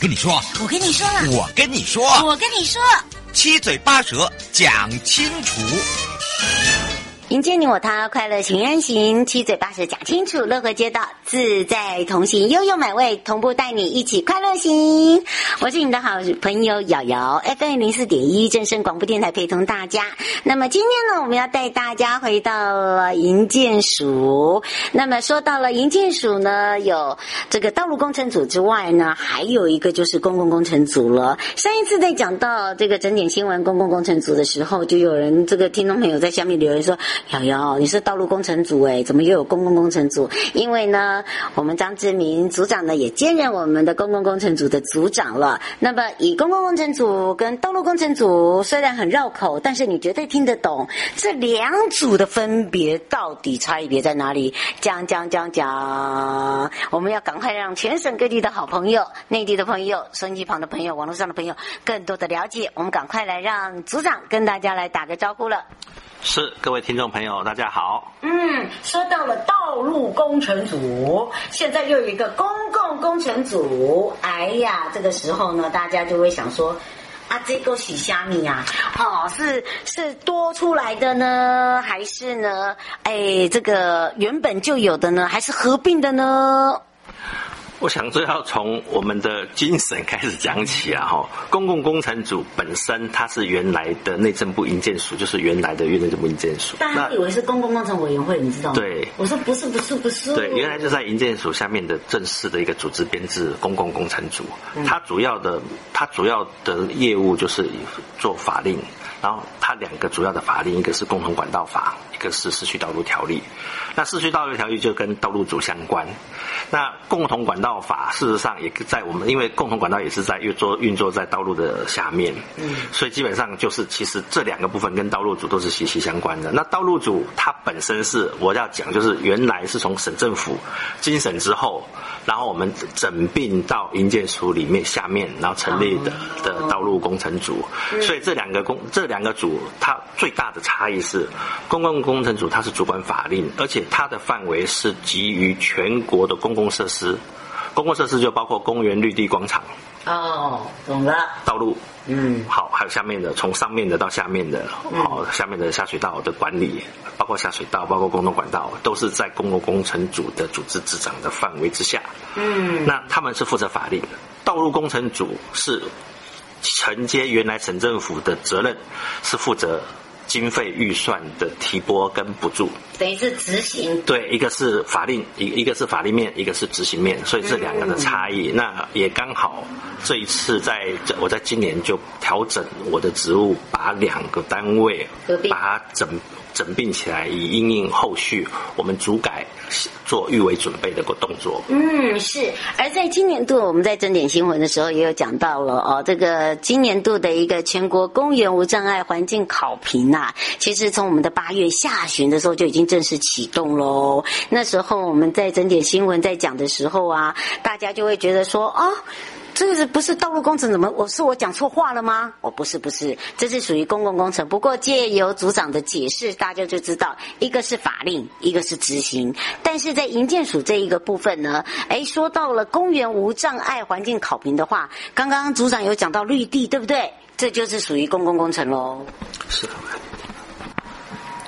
跟你說，我跟你說了，我跟你說，我跟你說，七嘴八舌講清楚，營建你我他，快樂平安行，七嘴八舌講清楚，樂活街道。自在同行，悠悠美味，同步帶你一起快樂行。我是你的好朋友瑤瑤，FM 零四點一，正聲廣播電台，陪同大家。那麼今天呢，我們要帶大家回到了營建署。那麼說到了營建署呢，有這個道路工程組之外呢，還有一個就是公共工程組了。上一次在講到這個整點新聞公共工程組的時候，就有人這個聽眾朋友在下面留言說：“瑤瑤，你是道路工程組誒、欸，怎麼又有公共工程組？”因為呢。我們張之明組長呢，也兼任我們的公共工程組的組長了。那麼，以公共工程組跟道路工程組雖然很繞口，但是你絕對聽得懂。這兩組的分別到底差異別在哪裡？講講講講，我們要趕快讓全省各地的好朋友、內地的朋友、手機旁的朋友、網絡上的朋友，更多的了解。我們趕快來讓組長跟大家來打個招呼了是。是各位聽眾朋友，大家好。嗯，說到了道路工程組。現在又有一個公共工程組，哎呀，這個時候呢，大家就會想說，啊，這個喜蝦米啊？哦，是是多出來的呢，還是呢？哎，這個原本就有的呢，還是合併的呢？我想說要從我們的精神開始講起啊，哈！公共工程組本身它是原來的內政部營建署，就是原來的內政部營建署。大家以為是公共工程委員會，你知道嗎？對，我說不是，不是，不是。對，原來就在營建署下面的正式的一個組織編制，公共工程組。它主要的，它主要的業務就是做法令，然後它兩個主要的法令，一個是共同管道法，一個是市區道路條例。那市區道路條例就跟道路組相關，那共同管道法事實上也在我們，因為共同管道也是在運作，運作在道路的下面，嗯，所以基本上就是其實這兩個部分跟道路組都是息息相關的。那道路組它本身是我要講，就是原來是從省政府精省之後。然後我們整併到營建署裡面下面，然後成立的 oh. Oh. 的道路工程組。所以這兩個工，這兩個組，它最大的差異是，公共工程組它是主管法令，而且它的範圍是基於全國的公共設施，公共設施就包括公園、綠地、廣場。哦、oh，懂了。道路，嗯，好，還有下面的，從上面的到下面的，好，嗯，哦，下面的下水道的管理，包括下水道，包括公共管道，都是在公共工程組的組織執掌的範圍之下。嗯，那他們是負責法令的，道路工程組是承接原來省政府的責任，是負責。經費預算的提撥跟補助，等於是執行。對，一個是法令一，一個是法令面，一個是執行面，所以這兩個的差異。嗯、那也剛好，這一次在，我在今年就調整我的職務，把兩個單位，把它整。整併起來，以因應後續我們主改做預為準備的個動作。嗯，是。而在今年度，我們在整點新聞的時候也有講到了哦，這個今年度的一個全國公園無障礙環境考評啊，其實從我們的八月下旬的時候就已經正式啟動嘍。那時候我們在整點新聞在講的時候啊，大家就會覺得說哦。這是不是道路工程？怎麼我是我講錯話了嗎？我、哦、不是，不是，這是屬於公共工程。不過借由組長的解釋，大家就知道，一個是法令，一個是執行。但是在營建署這一個部分呢，誒、哎，說到了公園無障礙環境考評的話，剛剛組長有講到綠地，對不對？這就是屬於公共工程嘍。是的。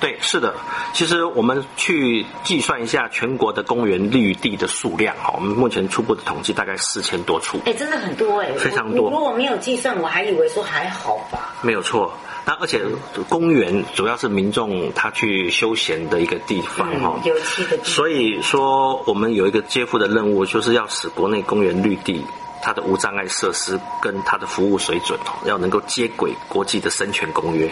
對，是的，其實我們去計算一下全國的公園綠地的數量，我們、哦、目前初步的統計大概四千多處。哎、欸，真的很多哎、欸，非常多。我如果沒有計算，我還以為說還好吧。沒有錯，那而且公園主要是民眾他去休閒的一個地方哈、嗯、哦，所以說，我們有一個肩負的任務，就是要使國內公園綠地它的無障礙設施跟它的服務水準要能夠接軌國際的《身權公約》。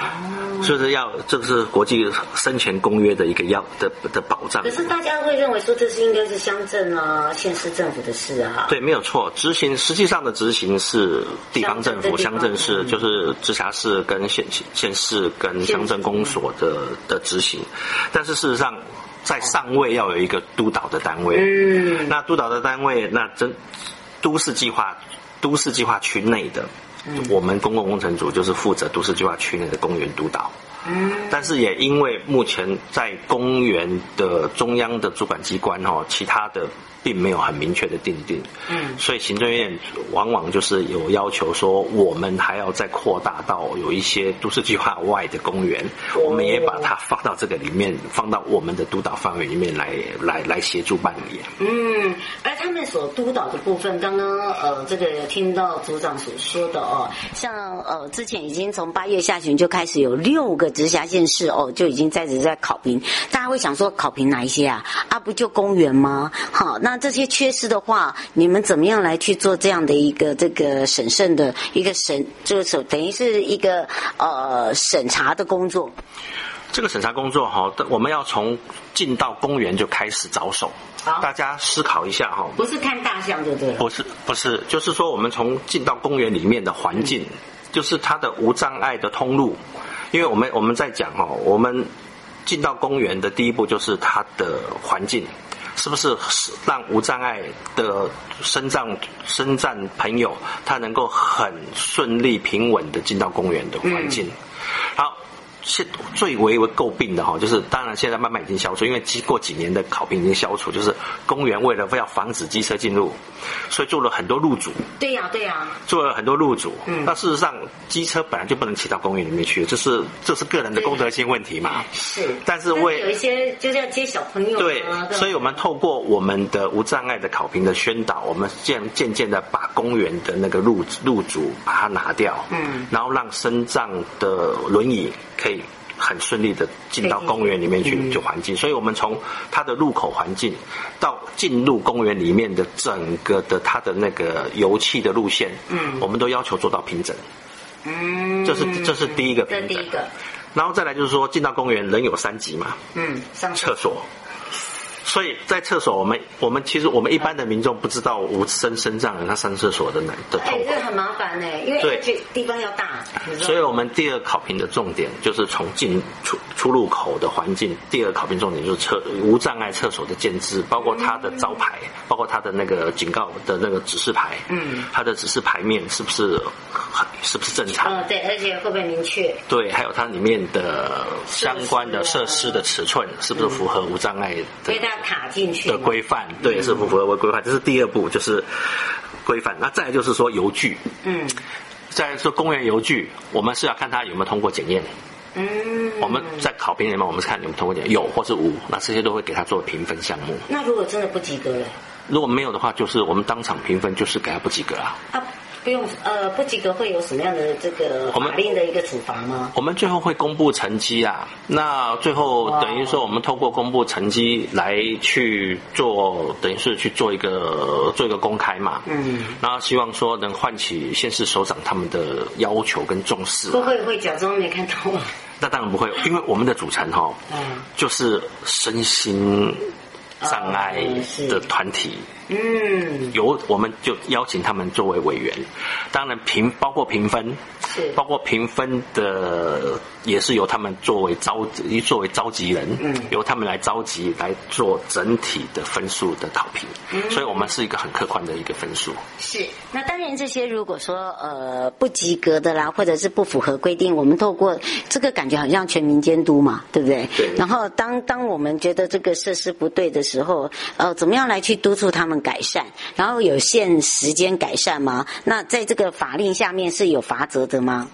哦，這、就是要，這是國際身權公約的一個要的的，的保障。可是大家會認為說，這是應該是鄉鎮啊、縣市政府的事啊。對，沒有錯。執行實際上的執行是地方政府、鄉鎮市，就是直轄市跟縣縣市跟鄉鎮公所的的執行。但是事實上，在上位要有一個督導的單位。嗯。那督導的單位，那真都市計劃都市計劃區內的。嗯，我們公共工程組就是負責都市計劃區內的公園督導。但是也因為目前在公園的中央的主管機關哦，其他的並沒有很明確的定定，嗯，所以行政院往往就是有要求說，我們還要再擴大到有一些都市計劃外的公園，我們也把它放到這個裡面，放到我們的督導範圍裡面來，來，來，來協助辦理。嗯，而他們所督導的部分，剛剛呃，這個聽到組長所說的哦，像呃，之前已經從八月下旬就開始有六個。直轄縣市哦，就已經在一直在考評。大家會想說，考評哪一些啊？啊，不就公園嗎？好、哦，那這些缺失的話，你們怎麼樣來去做這樣的一個這個審慎的一個審，就是等於是一個呃審查的工作。這個審查工作哈，我們要從進到公園就開始着手。大家思考一下哈。不是看大象，對不對？不是，不是，就是說我們從進到公園裡面的環境，嗯、就是它的無障礙的通路。因為我們我們在講哦，我們進到公園的第一步就是它的環境是不是讓無障礙的身障身障朋友他能夠很順利平穩的進到公園的環境，嗯、好。是最為詬病的哈，就是當然現在慢慢已經消除，因為經過幾年的考評已經消除，就是公園為了要防止機車進入，所以做了很多路阻。對呀、啊，對呀、啊。做了很多路阻，嗯。那事實上，機車本來就不能騎到公園裡面去，這是這是個人的公德心問題嘛。是，是但是為但是有一些就是要接小朋友的對，對。所以我們透過我們的無障礙的考評的宣導，我們漸漸漸的把公園的那個路路阻把它拿掉，嗯。然後讓身障的輪椅。可以很順利的進到公園裡面去，就環境、嗯。所以，我們從它的入口環境到進入公園裡面的整個的它的那個油氣的路線，嗯，我們都要求做到平整。嗯，這是這是第一個平整第一個。然後再來就是說，進到公園人有三急嘛，嗯，上三廁所。所以在廁所，我們我們其實我們一般的民眾不知道無聲聲障，他上，上廁所的的痛。哎、欸，這個很麻煩呢、欸，因為、H、對地方要大。所以我們第二考評的重點就是從進出。出入口的環境，第二考評重點就是廁無障礙廁所的建置，包括它的招牌，包括它的那個警告的那個指示牌，它、嗯、的指示牌面是不是是不是正常？嗯，對，而且會不會明確？對，還有它裡面的相關的設施的尺寸是不是符合無障礙的？它、嗯、卡進去的規範，對，是，是符合規規範，這是第二步，就是規範。那再來就是說遊具，嗯，再來說公園遊具，我們是要看它有沒有通過檢驗。嗯， 我們在考評裡面，我們是看你們通過點有或是無，那這些都會給他做評分項目。那如果真的不及格了，如果沒有的話，就是我們當場評分，就是給他不及格啊。啊，不用，呃，不及格會有什麼樣的這個法令的一個處罰嗎？我們最後會公布成績啊。那最後等於說，我們透過公布成績來去做，等於是去做一個做一個公開嘛。嗯。然後希望說能喚起縣市首長他們的要求跟重視。不會，會假裝沒看到。那當然不會，因為我們的組成哈，就是身心障礙的團體。嗯嗯，由我們就邀請他們作為委員，當然評包括評分，是包括評分的也是由他們作為召一作為召集人，嗯，由他們來召集來做整體的分數的考評，嗯，所以我們是一個很客觀的一個分數。是。那當然這些如果說呃不及格的啦，或者是不符合規定，我們透過這個感覺好像全民監督嘛，對不對？對。然後當當我們覺得這個設施不對的時候，呃，怎麼樣來去督促他們？改善，然後有限時間改善嗎？那在這個法令下面是有罰則的嗎？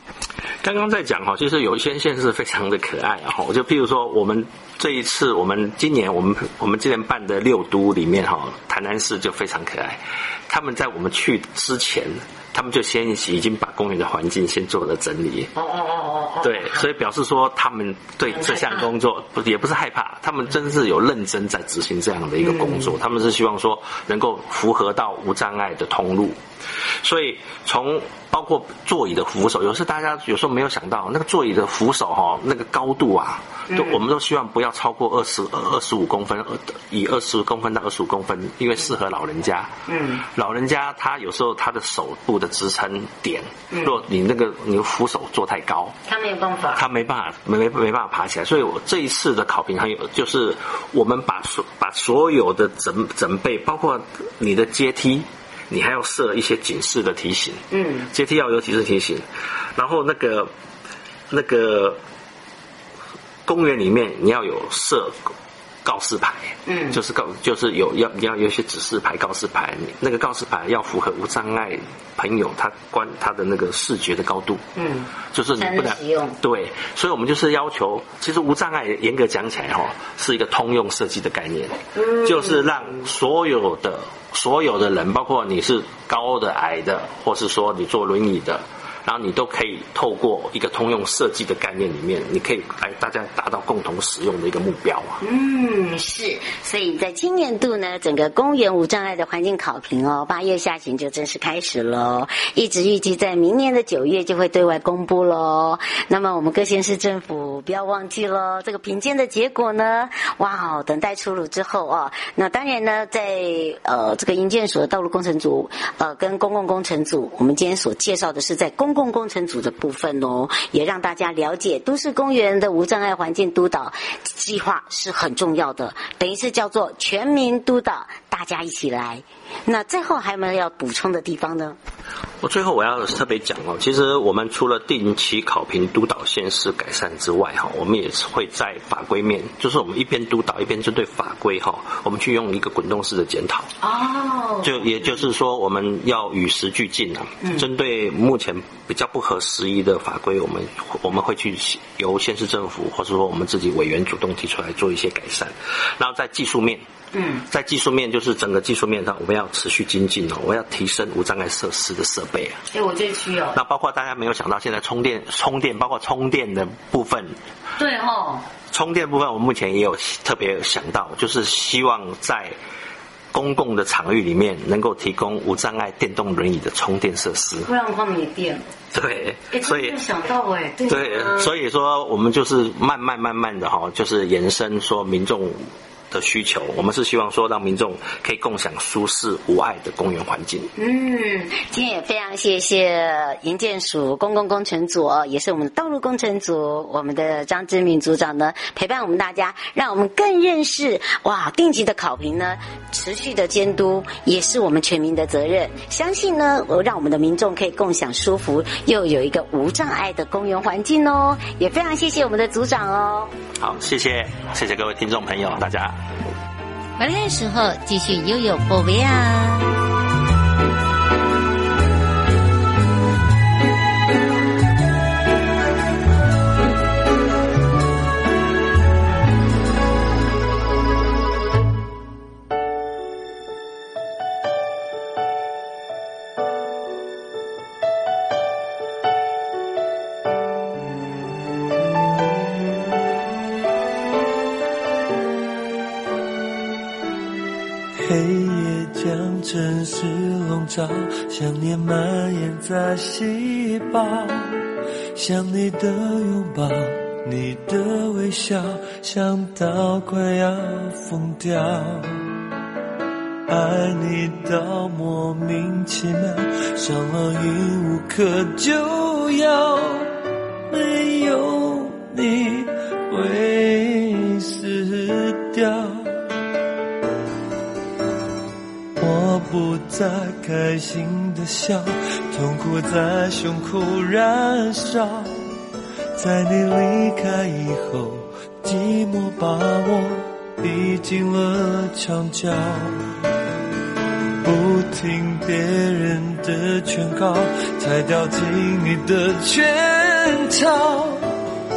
剛剛在講哈，就是有一些縣市非常的可愛啊，我就譬如說，我們這一次我們今年我們我們今年辦的六都裡面哈，台南市就非常可愛，他們在我們去之前。他們就先已經把公園的環境先做了整理。哦哦哦哦。對，所以表示說他們對這項工作不，也不是害怕，他們真是有認真在執行這樣的一個工作。他們是希望說能夠符合到無障礙的通路。所以，從包括座椅的扶手，有時大家有時候沒有想到，那個座椅的扶手哈、哦，那個高度啊，都、嗯、我們都希望不要超過二十二十五公分，以二十五公分到二十五公分，因為適合老人家嗯。嗯，老人家他有時候他的手部的支撐點，若、嗯、你那個你扶手做太高，他沒有辦法，他沒辦法，沒沒，沒辦法爬起來。所以我這一次的考評還有就是，我們把把所有的整整備，包括你的階梯。你還要設一些警示的提醒，嗯，階梯要有警示提醒，然後那個那個公園裡面你要有設。告示牌，嗯，就是告，就是有要你要有些指示牌、告示牌，那個告示牌要符合無障礙朋友他關他的那個視覺的高度，嗯，就是你不能使用，對，所以我們就是要求，其實無障礙嚴格講起來哈、哦，是一個通用設計的概念，嗯，就是讓所有的所有的人，包括你是高的、矮的，或是說你坐輪椅的。然後你都可以透過一個通用設計的概念裡面，你可以來大家達到共同使用的一個目標啊。嗯，是。所以在今年度呢，整個公園無障礙的環境考評哦，八月下旬就正式開始嘍。一直預計在明年的九月就會對外公布嘍。那麼我們各縣市政府不要忘記嘍，這個評鑑的結果呢，哇哦，等待出爐之後哦，那當然呢，在呃這個營建署的道路工程組呃跟公共工程組，我們今天所介紹的是在公公共工程組的部分哦，也讓大家了解都市公園的無障礙環境督導計劃是很重要的，等於是叫做全民督導，大家一起來。那最後還有沒有要補充的地方呢？我最後我要特別講哦，其實我們除了定期考評、督導、縣市改善之外，哈，我們也是會在法規面，就是我們一邊督導，一邊針對法規，哈，我們去用一個滾動式的檢討。哦、Oh, okay. 就也就是說，我們要與時俱進的，針對目前比較不合時宜的法規，我們我們會去由縣市政府或者說我們自己委員主動提出來做一些改善，然後在技術面。嗯，在技術面就是整個技術面上，我們要持續精進哦，我要提升無障礙設施的設備啊。哎，我這需要、哦。那包括大家沒有想到，現在充電充電包括充電的部分，對哦，充電部分，我目前也有特別有想到，就是希望在公共的場域裡面能夠提供無障礙電動輪椅的充電設施，不讓他們沒電。對，所以想到哎、欸，對。所以說，我們就是慢慢慢慢的哈，就是延伸說民眾的需求，我們是希望說讓民眾可以共享舒適無礙的公園環境。嗯，今天也非常謝謝營建署公共工、工程組，哦，也是我們的道路工程組，我們的張之明組長呢陪伴我們大家，讓我們更認識哇，定期的考評呢，持續的監督也是我們全民的責任。相信呢，我讓我們的民眾可以共享舒服又有一個無障礙的公園環境哦。也非常謝謝我們的組長哦。好，謝謝謝謝各位聽眾朋友，大家。回來的時候，繼續悠悠寶貝啊。是籠罩，想念蔓延在細胞，想你的擁抱，你的微笑，想到快要瘋掉，愛你到莫名其妙，傷了已無可救藥。在開心的笑，痛苦在胸口燃燒。在你離開以後，寂寞把我逼進了牆角。不聽別人的勸告，才掉進你的圈套。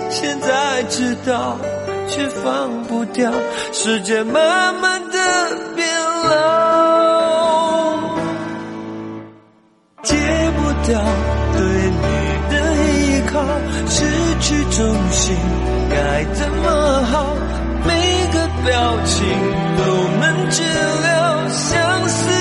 現在知道，卻放不掉。世界慢慢的變老。掉對你的依靠，失去重心該怎麼好？每個表情都能治療，相思。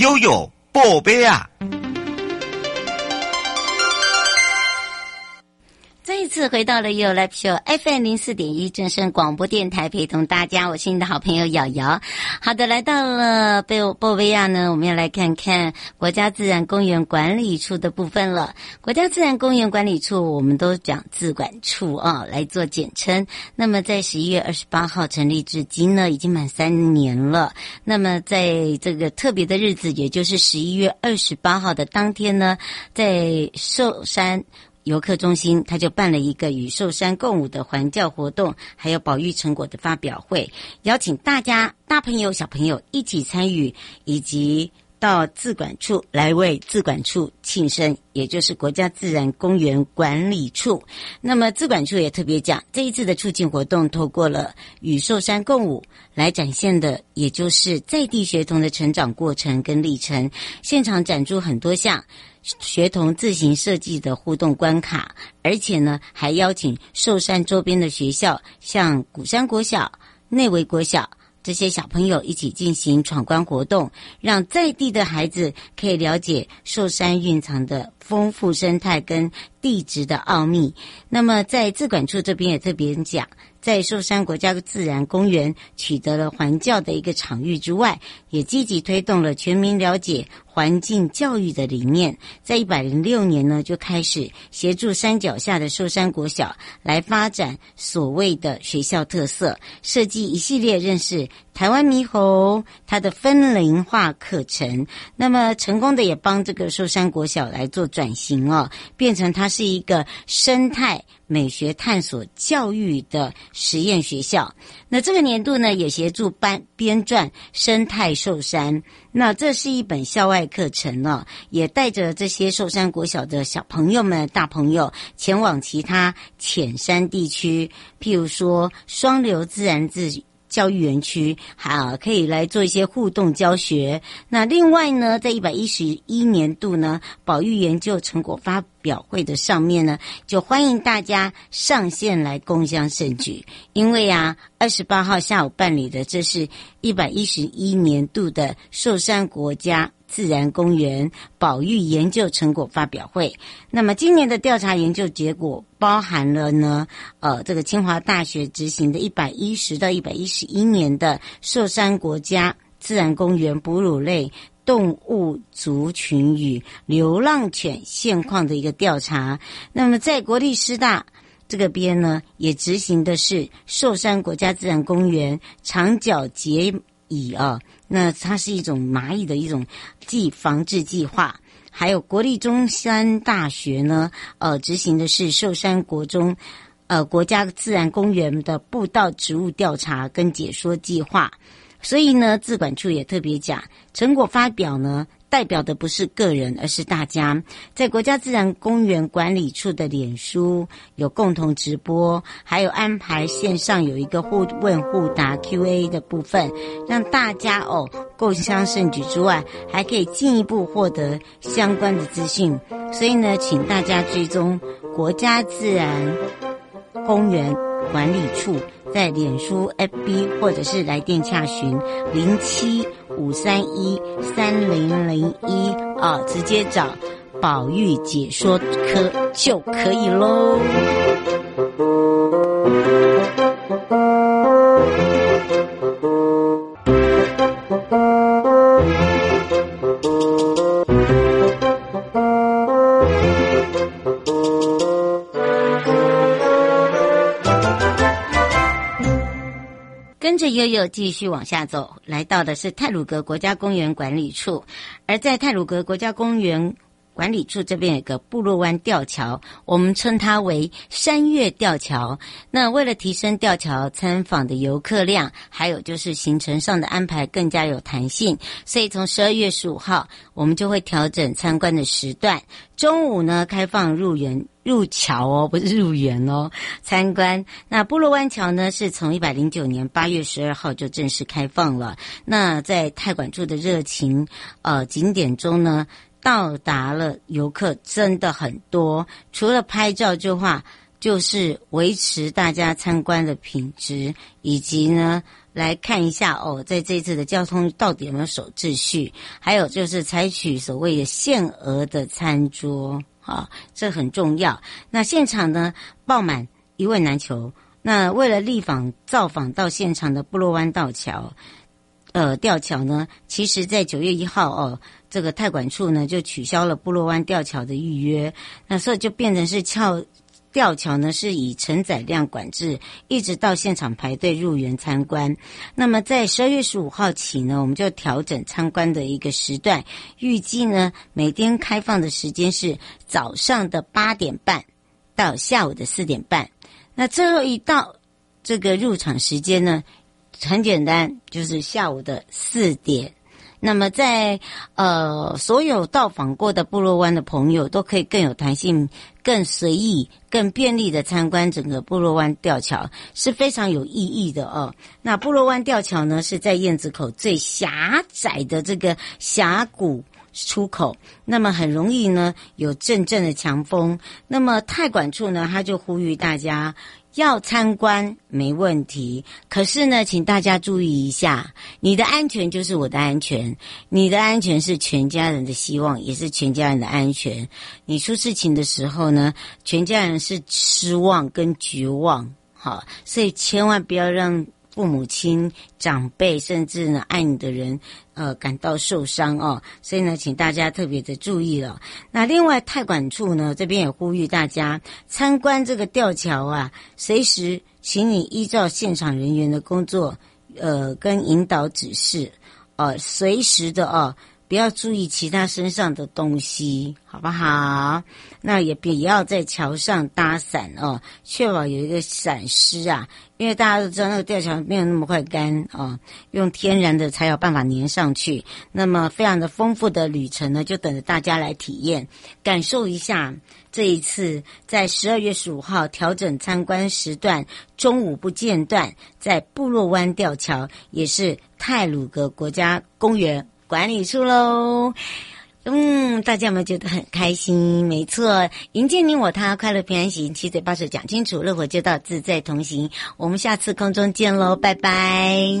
悠悠，寶貝啊！次回到了 you love 有來秀 FM 零四點一正聲廣播電台，陪同大家，我是你的好朋友瑤瑤。好的，來到了貝歐鮑威亞呢，我們要來看看國家自然公園管理處的部分了。國家自然公園管理處，我們都講自管處啊來做簡稱。那麼，在十一月二十八號成立至今呢，已經滿三年了。那麼，在這個特別的日子，也就是十一月二十八號的當天呢，在壽山，遊客中心，他就辦了一個與壽山共舞的環教活動，還有保育成果的發表會，邀請大家大朋友、小朋友一起參與，以及。到自管處來為自管處慶生，也就是國家自然公園管理處。那麼自管處也特別講，這一次的促進活動，透過了與壽山共舞來展現的，也就是在地學童的成長過程跟歷程。現場展出很多項學童自行設計的互動關卡，而且呢，還邀請壽山周邊的學校，像古山國小、內圍國小。這些小朋友一起進行闖關活動，讓在地的孩子可以了解壽山蘊藏的豐富生態跟地質的奧秘。那麼，在自管處這邊也特別講，在壽山國家自然公園取得了環教的一個場域之外，也積極推動了全民了解環境教育的理念。在一百零六年呢，就開始協助山腳下的壽山國小來發展所謂的學校特色，設計一系列認識台灣獼猴它的分齡化課程。那麼，成功的也幫這個壽山國小來做轉型哦，變成它是一個生態美學探索教育的實驗學校。那這個年度呢，也協助班編撰《生態壽山》，那這是一本校外課程哦，也帶着這些壽山國小的小朋友們、大朋友前往其他淺山地區，譬如說雙流自然自。教育園區，好，可以來做一些互動教學。那另外呢，在一百一十一年度呢，保育研究成果發表會的上面呢，就歡迎大家上線來共襄盛舉。因為啊，二十八號下午辦理的，這是一百一十一年度的壽山國家。自然公園保育研究成果發表會。那麼，今年的調查研究結果包含了呢，呃，這個清華大學執行的110到111年的壽山國家自然公園哺乳類動物族群與流浪犬現況的一個調查。那麼，在國立師大這個邊呢，也執行的是壽山國家自然公園長角節蟻啊、呃，那它是一種螞蟻的一種計防治計劃。還有國立中山大學呢，呃，執行的是壽山國中，呃，國家自然公園的步道植物調查跟解說計劃。所以呢，自管處也特別講，成果發表呢。代表的不是個人，而是大家。在國家自然公園管理處的臉書有共同直播，還有安排線上有一個互問互答 Q&A 的部分，讓大家哦共襄盛舉之外，還可以進一步獲得相關的資訊。所以呢，請大家追蹤國家自然公園。管理處在臉書 FB 或者是來電洽詢零七五三一三零零一啊，直接找寶玉解說科就可以嘍。悠悠繼續往下走，來到的是太魯閣國家公園管理處。而在太魯閣國家公園管理處這邊，有個布洛灣吊橋，我們稱它為山月吊橋。那為了提升吊橋參訪的遊客量，還有就是行程上的安排更加有彈性，所以從十二月十五號，我們就會調整參觀的時段，中午呢開放入園。入橋哦，不是入園哦，參觀。那布洛灣橋呢？是從一百零九年八月十二號就正式開放了。那在泰管處的熱情呃景點中呢，到達了遊客真的很多。除了拍照之話，就是維持大家參觀的品質，以及呢來看一下哦，在這次的交通到底有沒有守秩序？還有就是採取所謂的限額的餐桌。啊、哦，這很重要。那現場呢，爆滿，一位難求。那為了立訪造訪到現場的布洛灣吊橋，呃，吊橋呢，其實在，在九月一號哦，這個太管處呢就取消了布洛灣吊橋的預約，那所以就變成是翹。吊橋呢是以承載量管制，一直到現場排隊入園參觀。那麼在十二月十五號起呢，我們就調整參觀的一個時段，預計呢每天開放的時間是早上的八點半到下午的四點半。那最後一道這個入場時間呢，很簡單，就是下午的四點。那麼在呃所有到訪過的布洛灣的朋友，都可以更有彈性。更隨意、更便利的參觀整個布洛灣吊橋是非常有意義的哦。那布洛灣吊橋呢，是在燕子口最狹窄的這個峽谷出口，那麼很容易呢有陣陣的強風。那麼太管處呢，他就呼籲大家。要參觀，沒問題，可是呢，請大家注意一下，你的安全就是我的安全，你的安全是全家人的希望，也是全家人的安全。你出事情的時候呢，全家人是失望跟絕望，好，所以千萬不要讓。父母親、長輩，甚至呢愛你的人，呃，感到受傷哦，所以呢，請大家特別的注意了。那另外，太管處呢這邊也呼籲大家參觀這個吊橋啊，隨時，請你依照現場人員的工作，呃，跟引導指示，呃，隨時的哦不要注意其他身上的東西，好不好？那也不要在橋上搭傘哦，確保有一個閃失啊，因為大家都知道那個吊橋沒有那麼快乾哦，用天然的才有辦法粘上去。那麼，非常的豐富的旅程呢，就等着大家來體驗，感受一下。這一次在十二月十五號調整參觀時段，中午不間斷，在布洛灣吊橋，也是太魯閣國家公園。管理處嘍，嗯，大家有沒有覺得很開心？沒錯。營建你我他，快樂平安行，七嘴八舌講清楚，樂活街道自在同行。我們下次空中見嘍，拜拜。